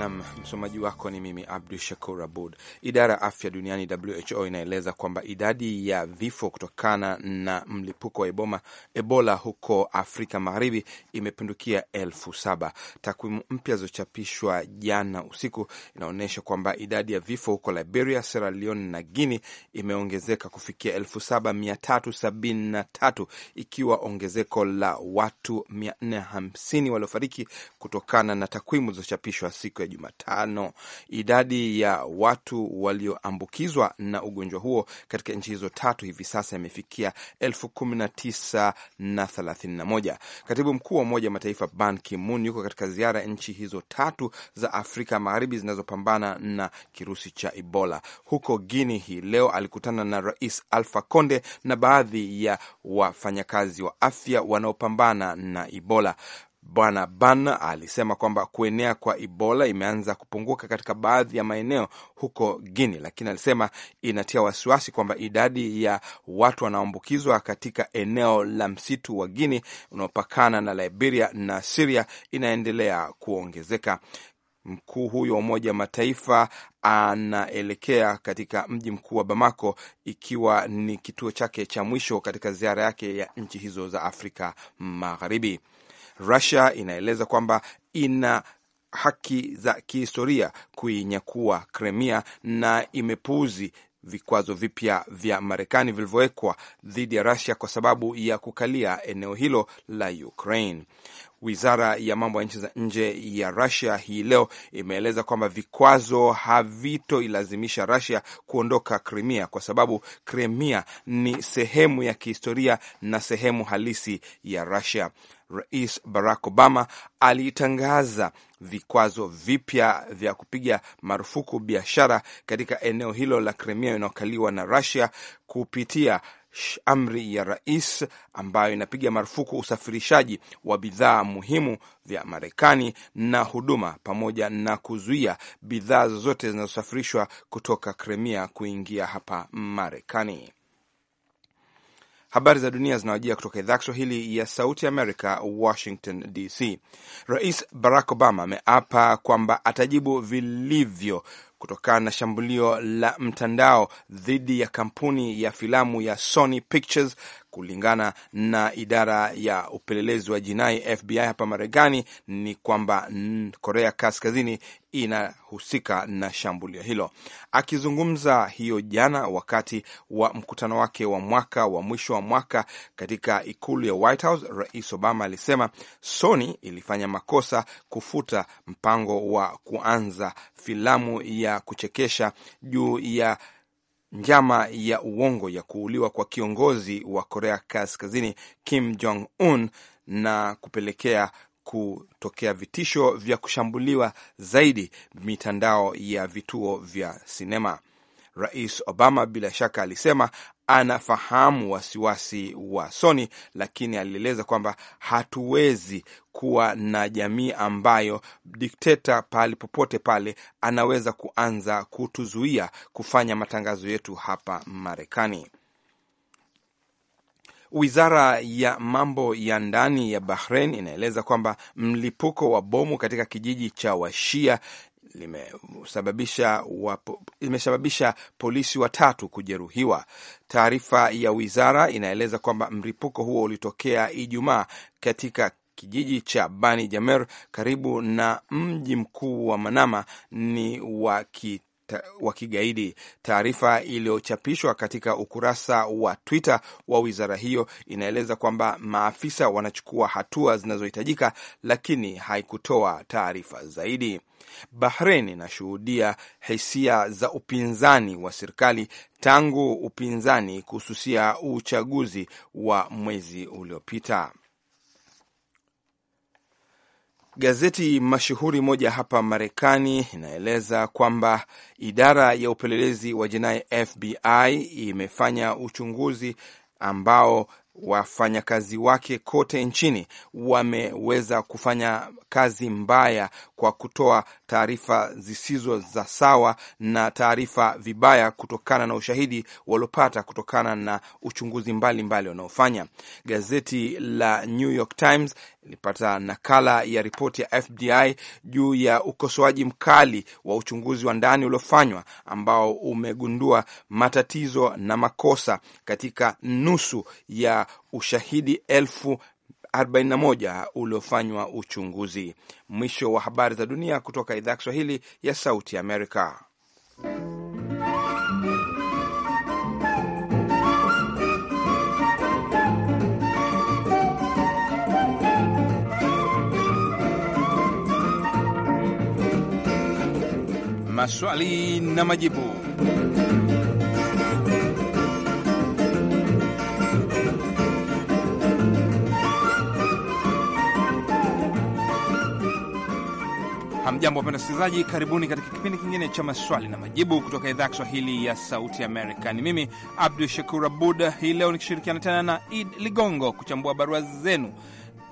Nam msomaji wako ni mimi Abdu Shakur Abud. Idara ya afya duniani WHO inaeleza kwamba idadi ya vifo kutokana na mlipuko wa eboma, Ebola huko Afrika Magharibi imepindukia elfu saba. Takwimu mpya zilizochapishwa jana usiku inaonyesha kwamba idadi ya vifo huko Liberia, Sierra Leone na Guinea imeongezeka kufikia elfu saba mia tatu sabini na tatu ikiwa ongezeko la watu 450 waliofariki kutokana na takwimu zilizochapishwa siku ya Jumatano. Idadi ya watu walioambukizwa na ugonjwa huo katika nchi hizo tatu hivi sasa imefikia elfu kumi na tisa na thelathini na moja. Katibu mkuu wa Umoja wa Mataifa Ban Ki-moon yuko katika ziara ya nchi hizo tatu za Afrika Magharibi zinazopambana na kirusi cha Ebola. Huko Guini hii leo alikutana na Rais alfa Konde na baadhi ya wafanyakazi wa afya wanaopambana na Ebola. Bwana Ban alisema kwamba kuenea kwa Ebola imeanza kupunguka katika baadhi ya maeneo huko Guini, lakini alisema inatia wasiwasi kwamba idadi ya watu wanaoambukizwa katika eneo la msitu wa Guini unaopakana na Liberia na Siria inaendelea kuongezeka. Mkuu huyo wa Umoja wa Mataifa anaelekea katika mji mkuu wa Bamako, ikiwa ni kituo chake cha mwisho katika ziara yake ya nchi hizo za Afrika Magharibi. Rusia inaeleza kwamba ina haki za kihistoria kuinyakua Kremia na imepuuzi vikwazo vipya vya Marekani vilivyowekwa dhidi ya rasia kwa sababu ya kukalia eneo hilo la Ukraine. Wizara ya mambo ya nchi za nje ya rasia hii leo imeeleza kwamba vikwazo havitoilazimisha rasia kuondoka Krimia kwa sababu Krimia ni sehemu ya kihistoria na sehemu halisi ya rasia Rais Barack Obama alitangaza vikwazo vipya vya kupiga marufuku biashara katika eneo hilo la Crimea inayokaliwa na rasia kupitia amri ya rais ambayo inapiga marufuku usafirishaji wa bidhaa muhimu vya Marekani na huduma pamoja na kuzuia bidhaa zozote zinazosafirishwa kutoka Crimea kuingia hapa Marekani. Habari za dunia zinawajia kutoka idhaa Kiswahili ya Sauti Amerika, Washington DC. Rais Barack Obama ameapa kwamba atajibu vilivyo kutokana na shambulio la mtandao dhidi ya kampuni ya filamu ya Sony Pictures Kulingana na idara ya upelelezi wa jinai FBI hapa Marekani ni kwamba Korea Kaskazini inahusika na shambulio hilo. Akizungumza hiyo jana wakati wa mkutano wake wa mwaka wa mwisho wa mwaka katika ikulu ya White House, Rais Obama alisema Sony ilifanya makosa kufuta mpango wa kuanza filamu ya kuchekesha juu ya njama ya uongo ya kuuliwa kwa kiongozi wa Korea Kaskazini Kim Jong Un na kupelekea kutokea vitisho vya kushambuliwa zaidi mitandao ya vituo vya sinema. Rais Obama bila shaka alisema anafahamu wasiwasi wa Soni, lakini alieleza kwamba hatuwezi kuwa na jamii ambayo dikteta pahali popote pale anaweza kuanza kutuzuia kufanya matangazo yetu hapa Marekani. Wizara ya mambo ya ndani ya Bahrain inaeleza kwamba mlipuko wa bomu katika kijiji cha Washia limesababisha limesababisha polisi watatu kujeruhiwa. Taarifa ya wizara inaeleza kwamba mlipuko huo ulitokea Ijumaa katika kijiji cha Bani Jamer karibu na mji mkuu wa Manama ni wa wa kigaidi. Taarifa iliyochapishwa katika ukurasa wa Twitter wa wizara hiyo inaeleza kwamba maafisa wanachukua hatua zinazohitajika, lakini haikutoa taarifa zaidi. Bahrein inashuhudia hisia za upinzani wa serikali tangu upinzani kususia uchaguzi wa mwezi uliopita. Gazeti mashuhuri moja hapa Marekani inaeleza kwamba idara ya upelelezi wa jinai FBI imefanya uchunguzi ambao wafanyakazi wake kote nchini wameweza kufanya kazi mbaya kwa kutoa taarifa zisizo za sawa na taarifa vibaya kutokana na ushahidi waliopata kutokana na uchunguzi mbalimbali wanaofanya. Gazeti la New York Times ilipata nakala ya ripoti ya FBI juu ya ukosoaji mkali wa uchunguzi wa ndani uliofanywa ambao umegundua matatizo na makosa katika nusu ya ushahidi elfu 41 uliofanywa uchunguzi. Mwisho wa habari za dunia kutoka idhaa ya Kiswahili ya Sauti Amerika. Maswali na majibu. Hamjambo wapenda wasikilizaji, karibuni katika kipindi kingine cha maswali na majibu kutoka idhaa ya Kiswahili ya Sauti Amerika. Ni mimi Abdu Shakur Abud, hii leo nikishirikiana tena na Id Ligongo kuchambua barua zenu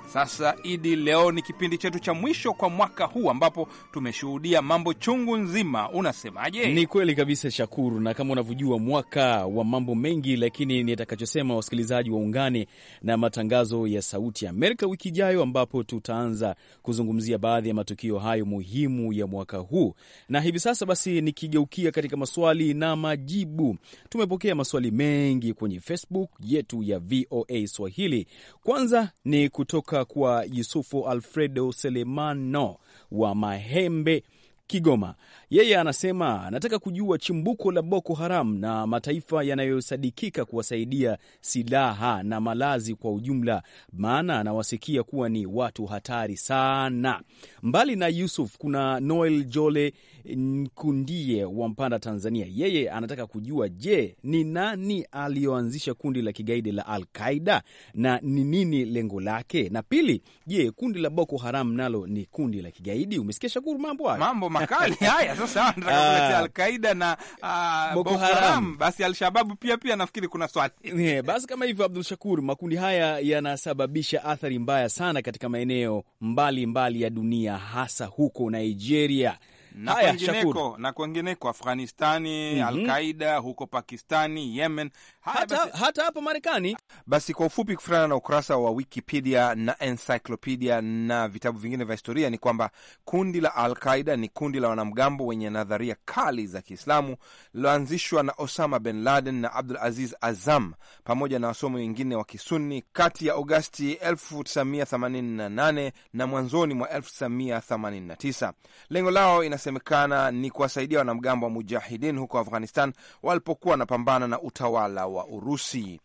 sasa Idi, leo ni kipindi chetu cha mwisho kwa mwaka huu ambapo tumeshuhudia mambo chungu nzima. Unasemaje? Ni kweli kabisa Shakuru, na kama unavyojua mwaka wa mambo mengi, lakini nitakachosema wasikilizaji waungane na matangazo ya Sauti ya Amerika wiki ijayo, ambapo tutaanza kuzungumzia baadhi ya matukio hayo muhimu ya mwaka huu. Na hivi sasa basi, nikigeukia katika maswali na majibu, tumepokea maswali mengi kwenye Facebook yetu ya VOA Swahili. Kwanza ni kutoka kutoka kwa Yusufu Alfredo Selemano wa Mahembe Kigoma. Yeye anasema anataka kujua chimbuko la Boko Haram na mataifa yanayosadikika kuwasaidia silaha na malazi kwa ujumla, maana anawasikia kuwa ni watu hatari sana. Mbali na Yusuf, kuna Noel Jole Nkundie wa Mpanda, Tanzania. Yeye anataka kujua, je, ni nani aliyoanzisha kundi la kigaidi la Al Qaida na ni nini lengo lake? Na pili, je, kundi la Boko Haram nalo ni kundi la kigaidi? Umesikia Shakuru mambo hayo mambo makali haya sasa ah. na uh, Boko Haram, basi Alshababu pia pia nafikiri kuna swali yeah, basi kama hivyo Abdul Shakur, makundi haya yanasababisha athari mbaya sana katika maeneo mbalimbali mbali ya dunia hasa huko Nigeria na kwengineko, na kwengineko Afghanistani, mm -hmm. Alqaida huko Pakistani, Yemen hata, hata hapa Marekani. Basi kwa ufupi, kufutana na ukurasa wa Wikipedia na encyclopedia na vitabu vingine vya historia, ni kwamba kundi la Al Qaida ni kundi la wanamgambo wenye nadharia kali za Kiislamu liloanzishwa na Osama bin Laden na Abdul Aziz Azam pamoja na wasomi wengine wa Kisunni kati ya Agosti 1988 na mwanzoni mwa 1989. Lengo lao inasemekana ni kuwasaidia wanamgambo wa mujahidin huko Afghanistan walipokuwa wanapambana na utawala wa wa Urusi.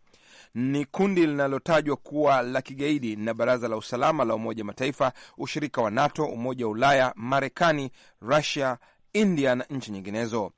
Ni kundi linalotajwa kuwa la kigaidi na Baraza la Usalama la Umoja Mataifa, ushirika wa NATO, Umoja wa Ulaya, Marekani, Rusia, India na nchi nyinginezo.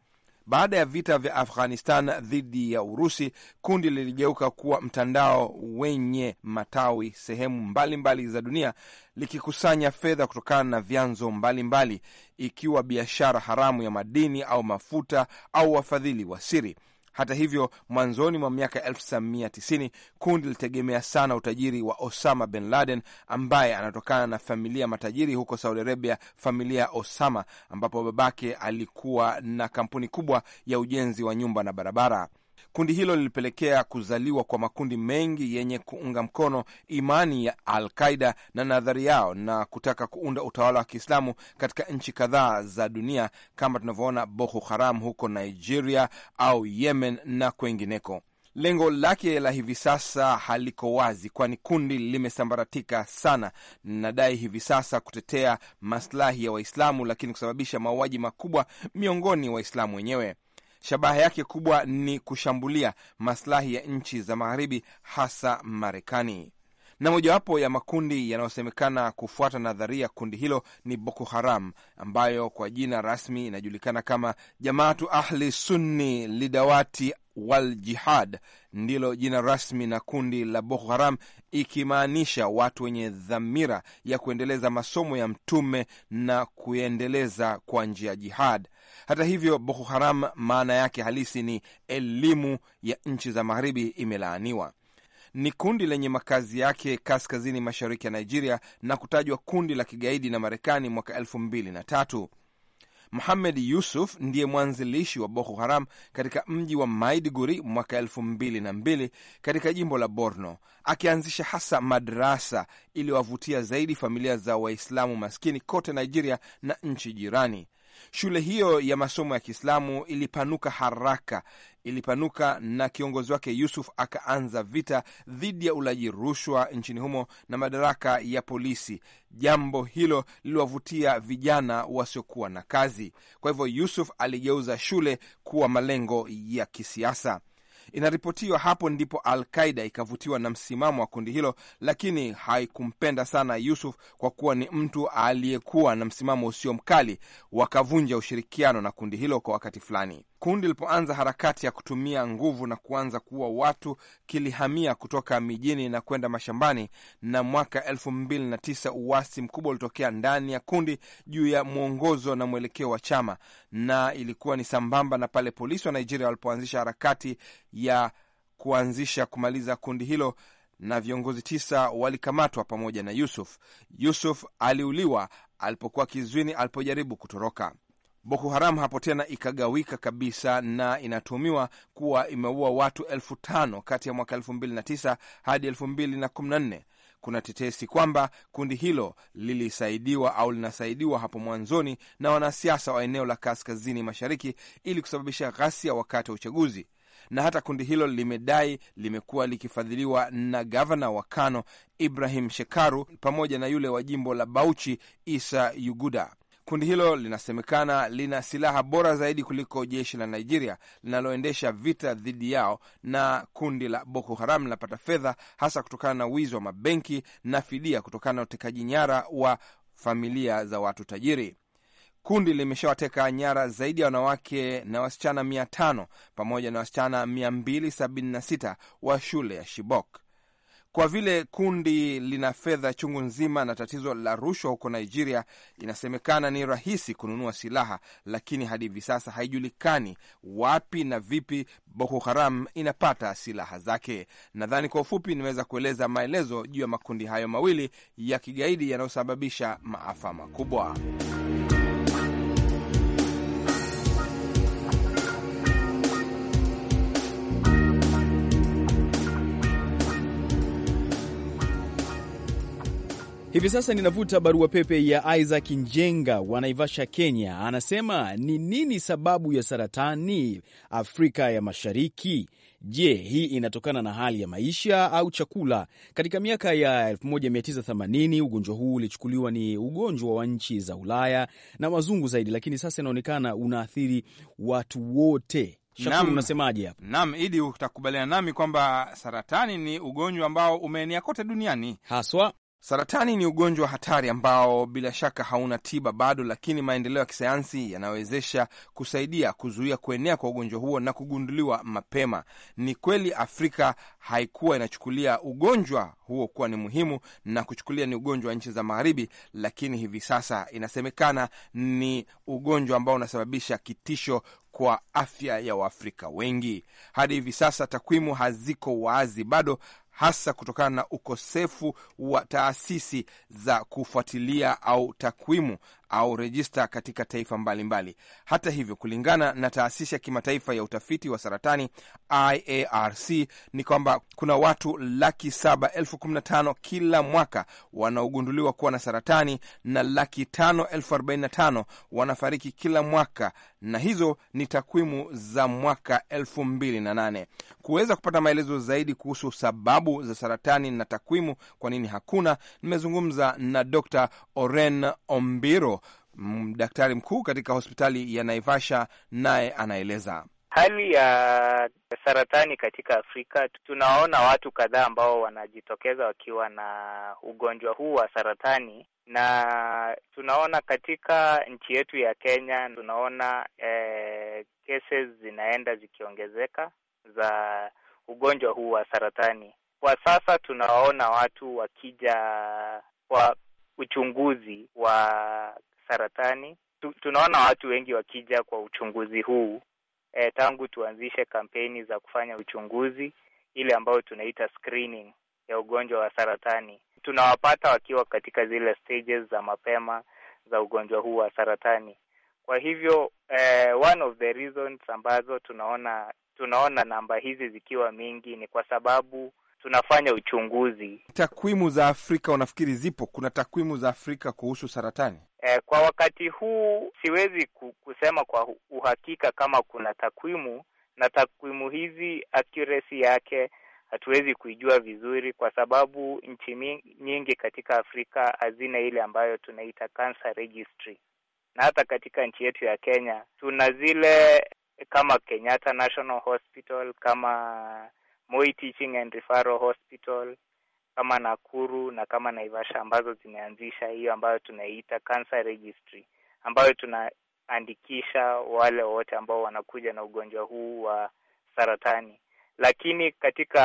Baada ya vita vya Afghanistan dhidi ya Urusi, kundi liligeuka kuwa mtandao wenye matawi sehemu mbalimbali mbali za dunia, likikusanya fedha kutokana na vyanzo mbalimbali mbali, ikiwa biashara haramu ya madini au mafuta au wafadhili wa siri hata hivyo, mwanzoni mwa miaka 1990 kundi lilitegemea sana utajiri wa Osama bin Laden ambaye anatokana na familia matajiri huko Saudi Arabia, familia ya Osama ambapo babake alikuwa na kampuni kubwa ya ujenzi wa nyumba na barabara. Kundi hilo lilipelekea kuzaliwa kwa makundi mengi yenye kuunga mkono imani ya Al Qaida na nadhari yao na kutaka kuunda utawala wa Kiislamu katika nchi kadhaa za dunia kama tunavyoona Boko Haram huko Nigeria au Yemen na kwengineko. Lengo lake la hivi sasa haliko wazi, kwani kundi limesambaratika sana. Nadai hivi sasa kutetea maslahi ya Waislamu, lakini kusababisha mauaji makubwa miongoni Waislamu wenyewe. Shabaha yake kubwa ni kushambulia maslahi ya nchi za Magharibi, hasa Marekani na mojawapo ya makundi yanayosemekana kufuata nadharia kundi hilo ni Boko Haram, ambayo kwa jina rasmi inajulikana kama Jamaatu Ahli Sunni Lidawati wal Jihad, ndilo jina rasmi na kundi la Boko Haram, ikimaanisha watu wenye dhamira ya kuendeleza masomo ya Mtume na kuendeleza kwa njia jihad hata hivyo, Boko Haram maana yake halisi ni elimu ya nchi za magharibi imelaaniwa. Ni kundi lenye makazi yake kaskazini mashariki ya Nigeria na kutajwa kundi la kigaidi na Marekani mwaka elfu mbili na tatu. Muhamed Yusuf ndiye mwanzilishi wa Boko Haram katika mji wa Maiduguri mwaka elfu mbili na mbili katika jimbo la Borno, akianzisha hasa madrasa iliyowavutia zaidi familia za Waislamu maskini kote Nigeria na nchi jirani. Shule hiyo ya masomo ya Kiislamu ilipanuka haraka, ilipanuka na kiongozi wake Yusuf akaanza vita dhidi ya ulaji rushwa nchini humo na madaraka ya polisi. Jambo hilo liliwavutia vijana wasiokuwa na kazi. Kwa hivyo, Yusuf aligeuza shule kuwa malengo ya kisiasa. Inaripotiwa hapo ndipo Al Qaida ikavutiwa na msimamo wa kundi hilo, lakini haikumpenda sana Yusuf kwa kuwa ni mtu aliyekuwa na msimamo usio mkali, wakavunja ushirikiano na kundi hilo kwa wakati fulani. Kundi lilipoanza harakati ya kutumia nguvu na kuanza kuua watu kilihamia kutoka mijini na kwenda mashambani, na mwaka elfu mbili na tisa uwasi mkubwa ulitokea ndani ya kundi juu ya mwongozo na mwelekeo wa chama, na ilikuwa ni sambamba na pale polisi wa Nigeria walipoanzisha harakati ya kuanzisha kumaliza kundi hilo na viongozi tisa walikamatwa pamoja na Yusuf. Yusuf aliuliwa alipokuwa kizwini alipojaribu kutoroka. Boko Haram hapo tena ikagawika kabisa na inatuhumiwa kuwa imeua watu elfu tano kati ya mwaka elfu mbili na tisa hadi elfu mbili na kumi na nne. Kuna tetesi kwamba kundi hilo lilisaidiwa au linasaidiwa hapo mwanzoni na wanasiasa wa eneo la kaskazini mashariki ili kusababisha ghasia wakati wa uchaguzi na hata kundi hilo limedai limekuwa likifadhiliwa na gavana wa Kano Ibrahim Shekaru pamoja na yule wa jimbo la Bauchi Isa Yuguda. Kundi hilo linasemekana lina silaha bora zaidi kuliko jeshi la Nigeria linaloendesha vita dhidi yao, na kundi la Boko Haram linapata fedha hasa kutokana na wizi wa mabenki na fidia kutokana na utekaji nyara wa familia za watu tajiri. Kundi limeshawateka nyara zaidi ya wanawake na wasichana mia tano pamoja na wasichana 276 wa shule ya Shibok. Kwa vile kundi lina fedha chungu nzima na tatizo la rushwa huko Nigeria, inasemekana ni rahisi kununua silaha, lakini hadi hivi sasa haijulikani wapi na vipi Boko Haram inapata silaha zake. Nadhani kwa ufupi nimeweza kueleza maelezo juu ya makundi hayo mawili ya kigaidi yanayosababisha maafa makubwa. Hivi sasa ninavuta barua pepe ya Isaac Njenga wa Naivasha, Kenya. Anasema, ni nini sababu ya saratani Afrika ya Mashariki? Je, hii inatokana na hali ya maisha au chakula? Katika miaka ya 1980 ugonjwa huu ulichukuliwa ni ugonjwa wa nchi za Ulaya na wazungu zaidi, lakini sasa inaonekana unaathiri watu wote. Shakuru, unasemaje hapa? Naam, Idi, utakubaliana nami kwamba saratani ni ugonjwa ambao umeenea kote duniani haswa Saratani ni ugonjwa wa hatari ambao bila shaka hauna tiba bado, lakini maendeleo ya kisayansi yanawezesha kusaidia kuzuia kuenea kwa ugonjwa huo na kugunduliwa mapema. Ni kweli Afrika haikuwa inachukulia ugonjwa huo kuwa ni muhimu na kuchukulia ni ugonjwa wa nchi za Magharibi, lakini hivi sasa inasemekana ni ugonjwa ambao unasababisha kitisho kwa afya ya Waafrika wengi. Hadi hivi sasa takwimu haziko wazi bado hasa kutokana na ukosefu wa taasisi za kufuatilia au takwimu au rejista katika taifa mbalimbali mbali. Hata hivyo, kulingana na taasisi ya kimataifa ya utafiti wa saratani IARC ni kwamba kuna watu laki saba elfu kumi na tano kila mwaka wanaogunduliwa kuwa na saratani na laki tano elfu arobaini na tano wanafariki kila mwaka, na hizo ni takwimu za mwaka elfu mbili na nane. Kuweza kupata maelezo zaidi kuhusu sababu za saratani na takwimu kwa nini hakuna, nimezungumza na Dr Oren Ombiro Daktari mkuu katika hospitali ya Naivasha naye anaeleza hali ya saratani katika Afrika. Tunaona watu kadhaa ambao wanajitokeza wakiwa na ugonjwa huu wa saratani, na tunaona katika nchi yetu ya Kenya tunaona eh, cases zinaenda zikiongezeka za ugonjwa huu wa saratani. Kwa sasa tunawaona watu wakija kwa uchunguzi wa saratani. Tu, tunaona watu wengi wakija kwa uchunguzi huu e, tangu tuanzishe kampeni za kufanya uchunguzi ile ambayo tunaita screening ya ugonjwa wa saratani, tunawapata wakiwa katika zile stages za mapema za ugonjwa huu wa saratani. Kwa hivyo eh, one of the reasons ambazo tunaona tunaona namba hizi zikiwa mingi ni kwa sababu tunafanya uchunguzi. Takwimu za Afrika unafikiri zipo? Kuna takwimu za Afrika kuhusu saratani? E, kwa wakati huu siwezi kusema kwa uhakika kama kuna takwimu, na takwimu hizi accuracy yake hatuwezi kuijua vizuri, kwa sababu nchi nyingi katika Afrika hazina ile ambayo tunaita cancer registry, na hata katika nchi yetu ya Kenya tuna zile kama Kenyatta National Hospital, kama Moi Teaching and Referral Hospital kama Nakuru na kama Naivasha ambazo zimeanzisha hiyo ambayo tunaiita cancer registry, ambayo tunaandikisha wale wote ambao wanakuja na ugonjwa huu wa saratani. Lakini katika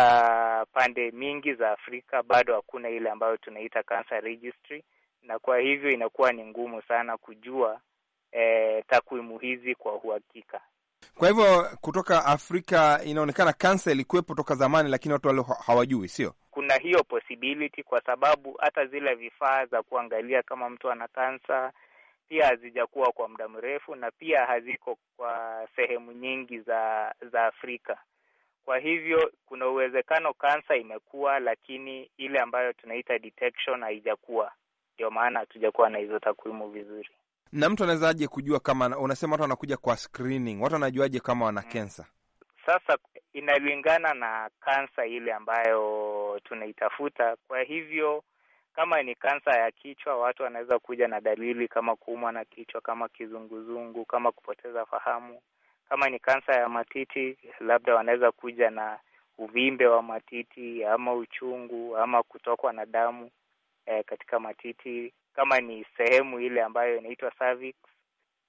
pande mingi za Afrika bado hakuna ile ambayo tunaita cancer registry, na kwa hivyo inakuwa ni ngumu sana kujua eh, takwimu hizi kwa uhakika. Kwa hivyo kutoka Afrika inaonekana kansa ilikuwepo toka zamani, lakini watu walio hawajui, sio? Kuna hiyo possibility, kwa sababu hata zile vifaa za kuangalia kama mtu ana kansa pia hazijakuwa kwa muda mrefu, na pia haziko kwa sehemu nyingi za za Afrika. Kwa hivyo kuna uwezekano kansa imekuwa, lakini ile ambayo tunaita detection haijakuwa. Ndio maana hatujakuwa na hizo takwimu vizuri. Na mtu anawezaje kujua kama, unasema watu wanakuja kwa screening, watu wanajuaje kama wana kensa? Sasa inalingana na kansa ile ambayo tunaitafuta. Kwa hivyo kama ni kansa ya kichwa, watu wanaweza kuja na dalili kama kuumwa na kichwa, kama kizunguzungu, kama kupoteza fahamu. Kama ni kansa ya matiti, labda wanaweza kuja na uvimbe wa matiti ama uchungu ama kutokwa na damu eh, katika matiti kama ni sehemu ile ambayo inaitwa cervix,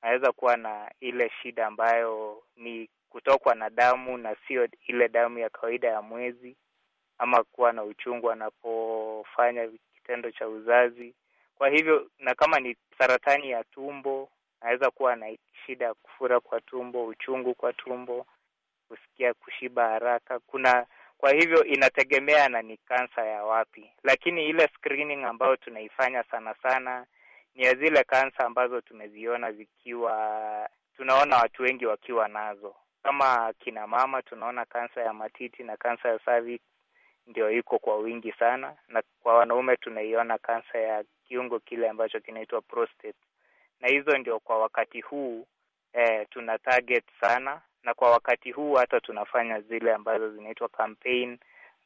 naweza kuwa na ile shida ambayo ni kutokwa na damu na sio ile damu ya kawaida ya mwezi, ama kuwa na uchungu anapofanya kitendo cha uzazi. Kwa hivyo, na kama ni saratani ya tumbo, naweza kuwa na shida ya kufura kwa tumbo, uchungu kwa tumbo, kusikia kushiba haraka. Kuna kwa hivyo inategemea na ni kansa ya wapi, lakini ile screening ambayo tunaifanya sana sana ni ya zile kansa ambazo tumeziona zikiwa, tunaona watu wengi wakiwa nazo. Kama kina mama, tunaona kansa ya matiti na kansa ya cervix ndio iko kwa wingi sana, na kwa wanaume tunaiona kansa ya kiungo kile ambacho kinaitwa prostate, na hizo ndio kwa wakati huu eh, tuna target sana na kwa wakati huu hata tunafanya zile ambazo zinaitwa campaign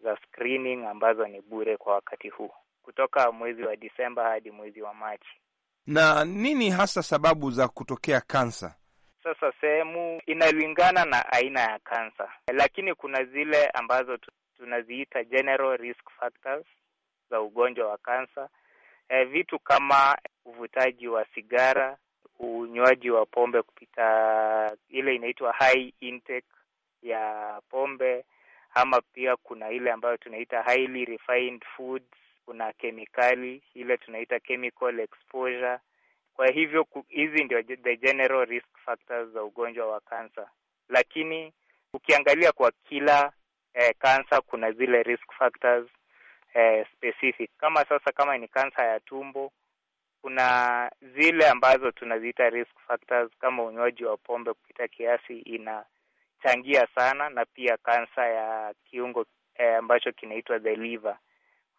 za screening ambazo ni bure kwa wakati huu kutoka mwezi wa Disemba hadi mwezi wa Machi. Na nini hasa sababu za kutokea kansa? Sasa sehemu inalingana na aina ya kansa, lakini kuna zile ambazo tunaziita general risk factors za ugonjwa wa kansa. E, eh, vitu kama uvutaji wa sigara, unywaji wa pombe kupita ile inaitwa high intake ya pombe, ama pia kuna ile ambayo tunaita highly refined foods. Kuna kemikali ile tunaita chemical exposure. Kwa hivyo hizi ndio the general risk factors za ugonjwa wa kansa, lakini ukiangalia kwa kila kansa eh, kuna zile risk factors eh, specific. Kama sasa kama ni kansa ya tumbo kuna zile ambazo tunaziita risk factors kama unywaji wa pombe kupita kiasi inachangia sana, na pia kansa ya kiungo eh, ambacho kinaitwa the liver.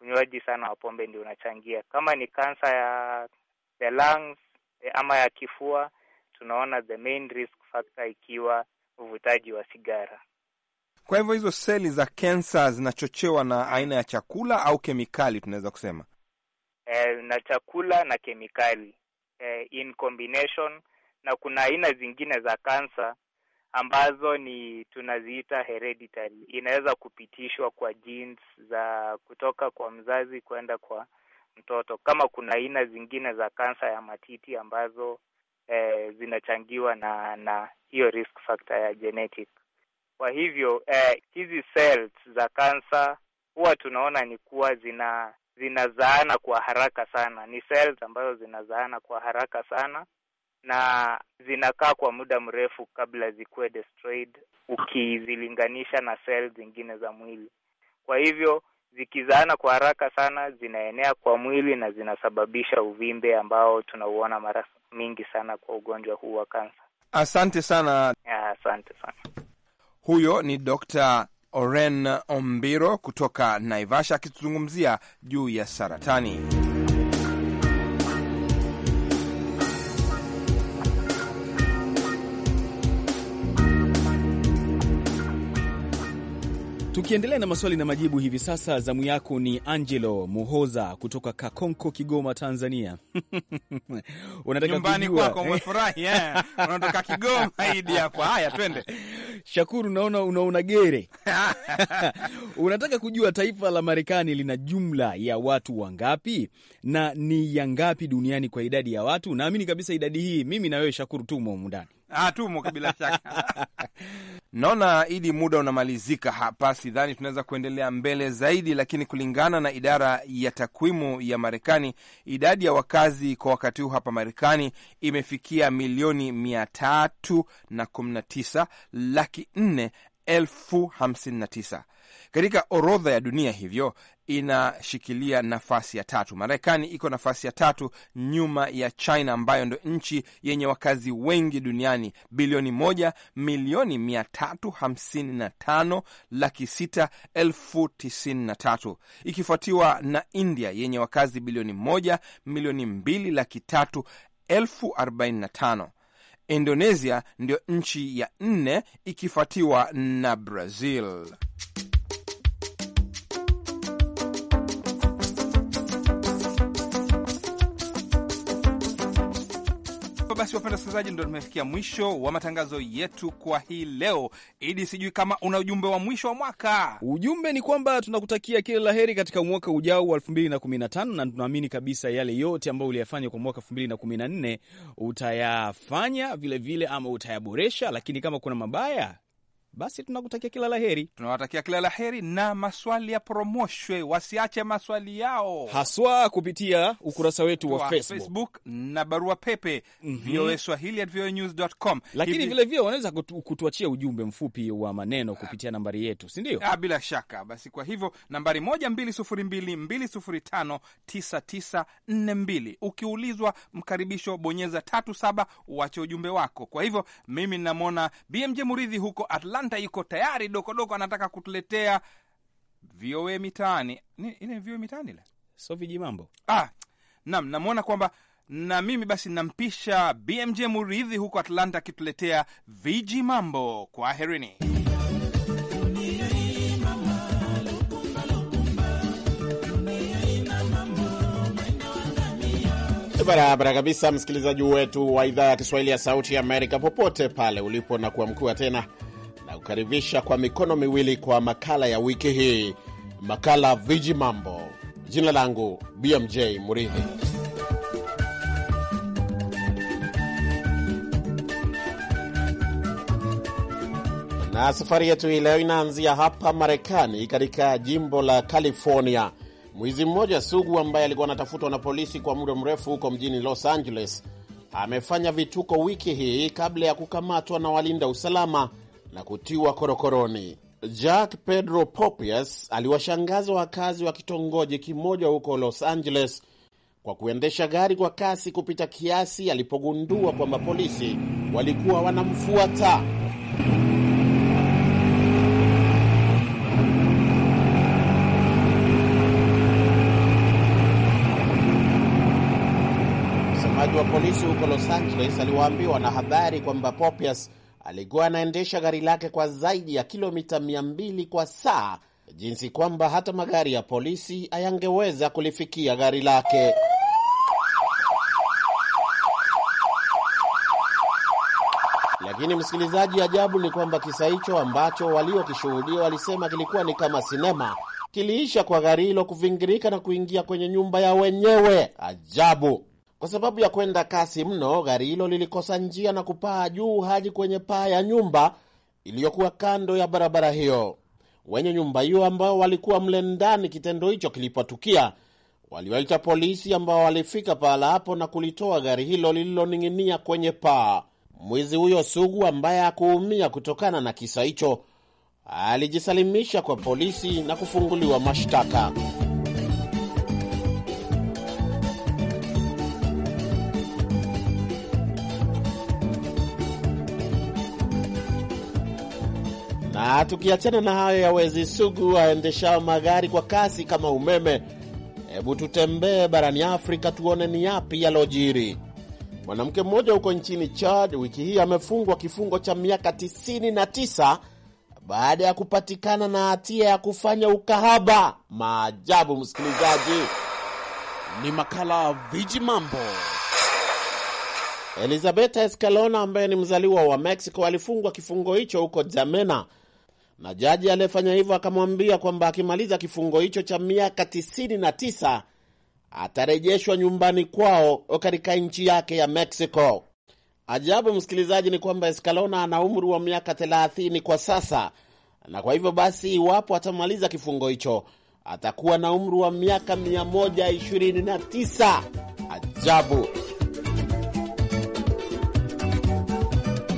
Unywaji sana wa pombe ndio unachangia. Kama ni kansa ya the lungs eh, ama ya kifua, tunaona the main risk factor ikiwa uvutaji wa sigara. Kwa hivyo hizo seli za kansa zinachochewa na aina ya chakula au kemikali, tunaweza kusema eh, na chakula na kemikali eh, in combination, na kuna aina zingine za kansa ambazo ni tunaziita hereditary, inaweza kupitishwa kwa genes za kutoka kwa mzazi kwenda kwa mtoto, kama kuna aina zingine za kansa ya matiti ambazo eh, zinachangiwa na na hiyo risk factor ya genetic. Kwa hivyo eh, hizi cells za kansa huwa tunaona ni kuwa zina zinazaana kwa haraka sana, ni cells ambazo zinazaana kwa haraka sana na zinakaa kwa muda mrefu kabla zikuwe destroyed ukizilinganisha na cells zingine za mwili. Kwa hivyo zikizaana kwa haraka sana zinaenea kwa mwili na zinasababisha uvimbe ambao tunauona mara mingi sana kwa ugonjwa huu wa kansa. Asante sana. Asante sana. Huyo ni Dr. Oren Ombiro kutoka Naivasha akizungumzia juu ya saratani. Tukiendelea na maswali na majibu hivi sasa, zamu yako ni Angelo mohoza kutoka Kakonko, Kigoma, Tanzania. Unataka nyumbani kwako eh? umefurahi, eh? unatoka Kigoma hadi hapa. Haya, twende. Shakuru, naona unaona gere unataka kujua taifa la Marekani lina jumla ya watu wangapi na ni ya ngapi duniani kwa idadi ya watu. Naamini kabisa idadi hii mimi na wewe Shakuru tu mundani Ah, tumo bila shaka. Naona Idi, muda unamalizika hapa, sidhani tunaweza kuendelea mbele zaidi, lakini kulingana na idara ya takwimu ya Marekani, idadi ya wakazi kwa wakati huu hapa Marekani imefikia milioni mia tatu na kumi na tisa laki nne elfu hamsini na tisa katika orodha ya dunia, hivyo inashikilia nafasi ya tatu. Marekani iko nafasi ya tatu nyuma ya China ambayo ndo nchi yenye wakazi wengi duniani bilioni moja milioni mia tatu hamsini na tano laki sita elfu tisini na tatu ikifuatiwa na India yenye wakazi bilioni moja milioni mbili laki tatu elfu arobaini na tano. Indonesia ndio nchi ya nne ikifuatiwa na Brazil. basi wapenda wasikilizaji, ndo tumefikia mwisho wa matangazo yetu kwa hii leo. Idi, sijui kama una ujumbe wa mwisho wa mwaka. Ujumbe ni kwamba tunakutakia kila la heri katika mwaka ujao wa 215 na tunaamini kabisa yale yote ambayo uliyafanya kwa mwaka 214 utayafanya vilevile, ama utayaboresha, lakini kama kuna mabaya basi tunakutakia kila la heri, Tunawatakia kila la heri na maswali ya promoshwe, wasiache maswali yao haswa kupitia ukurasa wetu wa Facebook, Facebook na barua pepe mm -hmm. VOA Swahili at news com, Lakini vilevile wanaweza kutuachia ujumbe mfupi wa maneno kupitia nambari yetu, si ndio? Ah, bila shaka basi, kwa hivyo nambari moja mbili mbili mbili sufuri sufuri tano tisa tisa nne mbili. ukiulizwa mkaribisho, bonyeza tatu saba, uache ujumbe wako. Kwa hivyo mimi ninamwona BMJ Muridhi huko Atlanta Rwanda iko tayari. Dokodoko anataka kutuletea VOA Mitaani, ile VOA Mitaani ile so mambo Ah, nam namwona kwamba na mimi basi nampisha BMJ Muridhi huko Atlanta akituletea viji mambo. Kwa herini. Barabara kabisa, msikilizaji wetu wa idhaa ya Kiswahili ya Sauti ya Amerika, popote pale ulipo na kuamkiwa tena nakukaribisha kwa mikono miwili kwa makala ya wiki hii, makala Viji Mambo. Jina langu BMJ Muridhi. Na safari yetu hii leo inaanzia hapa Marekani, katika jimbo la California. Mwizi mmoja sugu ambaye alikuwa anatafutwa na polisi kwa muda mrefu huko mjini Los Angeles amefanya vituko wiki hii kabla ya kukamatwa na walinda usalama na kutiwa korokoroni. Jack Pedro Popius aliwashangaza wakazi wa kitongoji kimoja huko Los Angeles kwa kuendesha gari kwa kasi kupita kiasi alipogundua kwamba polisi walikuwa wanamfuata. Msemaji wa polisi huko Los Angeles aliwaambia wanahabari kwamba Popius alikuwa anaendesha gari lake kwa zaidi ya kilomita 20 kwa saa, jinsi kwamba hata magari ya polisi hayangeweza kulifikia gari lake. Lakini msikilizaji, ajabu ni kwamba kisa hicho ambacho waliokishuhudia walisema kilikuwa ni kama sinema kiliisha kwa gari hilo kuvingirika na kuingia kwenye nyumba ya wenyewe. Ajabu. Kwa sababu ya kwenda kasi mno, gari hilo lilikosa njia na kupaa juu hadi kwenye paa ya nyumba iliyokuwa kando ya barabara hiyo. Wenye nyumba hiyo ambao walikuwa mle ndani kitendo hicho kilipotukia, waliwaita polisi ambao walifika pahala hapo na kulitoa gari hilo lililoning'inia kwenye paa. Mwizi huyo sugu ambaye hakuumia kutokana na kisa hicho alijisalimisha kwa polisi na kufunguliwa mashtaka. tukiachana na hayo ya wezi sugu aendeshao magari kwa kasi kama umeme, hebu tutembee barani Afrika tuone ni yapi yalojiri. Mwanamke mmoja huko nchini Chad wiki hii amefungwa kifungo cha miaka 99 baada ya kupatikana na hatia ya kufanya ukahaba. Maajabu, msikilizaji, ni makala Viji Mambo. Elizabeta Escalona ambaye ni mzaliwa wa Mexico alifungwa kifungo hicho huko Jamena na jaji aliyefanya hivyo akamwambia kwamba akimaliza kifungo hicho cha miaka 99 atarejeshwa nyumbani kwao katika nchi yake ya Mexico. Ajabu msikilizaji, ni kwamba Escalona ana umri wa miaka 30 kwa sasa, na kwa hivyo basi, iwapo atamaliza kifungo hicho atakuwa na umri wa miaka 129. Ajabu.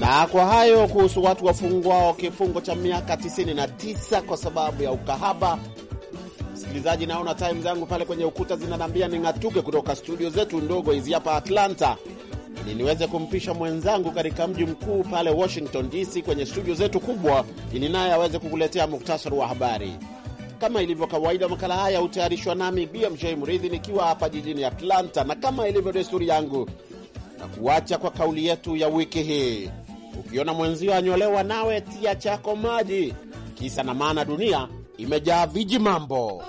Na kwa hayo kuhusu watu wafungwao kifungo cha miaka 99 kwa sababu ya ukahaba. Msikilizaji, naona time zangu pale kwenye ukuta zinanambia ning'atuke kutoka studio zetu ndogo hizi hapa Atlanta ili niweze kumpisha mwenzangu katika mji mkuu pale Washington DC kwenye studio zetu kubwa, ili naye aweze kukuletea muktasari wa habari. Kama ilivyo kawaida, makala haya hutayarishwa nami BMJ Mridhi nikiwa hapa jijini Atlanta, na kama ilivyo desturi yangu, na kuacha kwa kauli yetu ya wiki hii Ukiona mwenzio anyolewa, nawe tia chako maji. Kisa na maana, dunia imejaa viji mambo.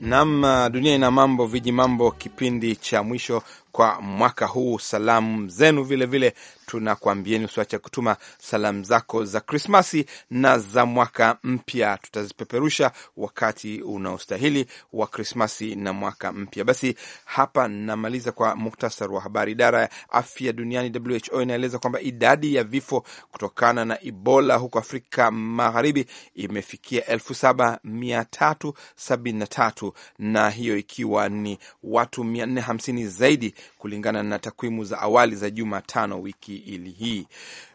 Nam, dunia ina mambo viji mambo, kipindi cha mwisho kwa mwaka huu. Salamu zenu vilevile tunakuambieni usiwache kutuma salamu zako za Krismasi na za mwaka mpya, tutazipeperusha wakati unaostahili wa Krismasi na mwaka mpya. Basi hapa namaliza kwa muktasar wa habari. Idara ya afya duniani WHO inaeleza kwamba idadi ya vifo kutokana na Ebola huko Afrika Magharibi imefikia 7373 na na hiyo ikiwa ni watu 450 zaidi kulingana na takwimu za awali za Jumatano wiki miili hii.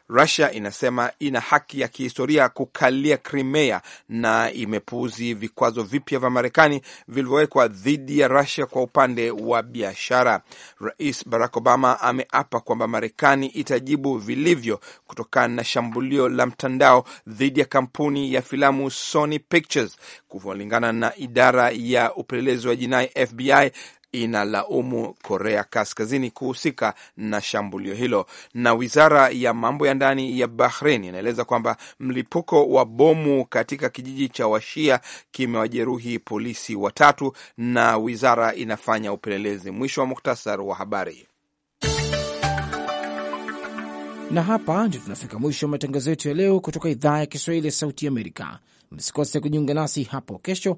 Rusia inasema ina haki ya kihistoria kukalia Crimea na imepuuzi vikwazo vipya vya Marekani vilivyowekwa dhidi ya Rusia kwa upande wa biashara. Rais Barack Obama ameapa kwamba Marekani itajibu vilivyo kutokana na shambulio la mtandao dhidi ya kampuni ya filamu Sony Pictures. Kulingana na idara ya upelelezi wa jinai FBI, inalaumu Korea Kaskazini kuhusika na shambulio hilo. Na wizara ya mambo ya ndani ya Bahrain inaeleza kwamba mlipuko wa bomu katika kijiji cha Washia kimewajeruhi polisi watatu, na wizara inafanya upelelezi. Mwisho wa muktasar wa habari. Na hapa ndio tunafika mwisho wa matangazo yetu ya leo kutoka idhaa ya Kiswahili ya Sauti Amerika. Msikose kujiunga nasi hapo kesho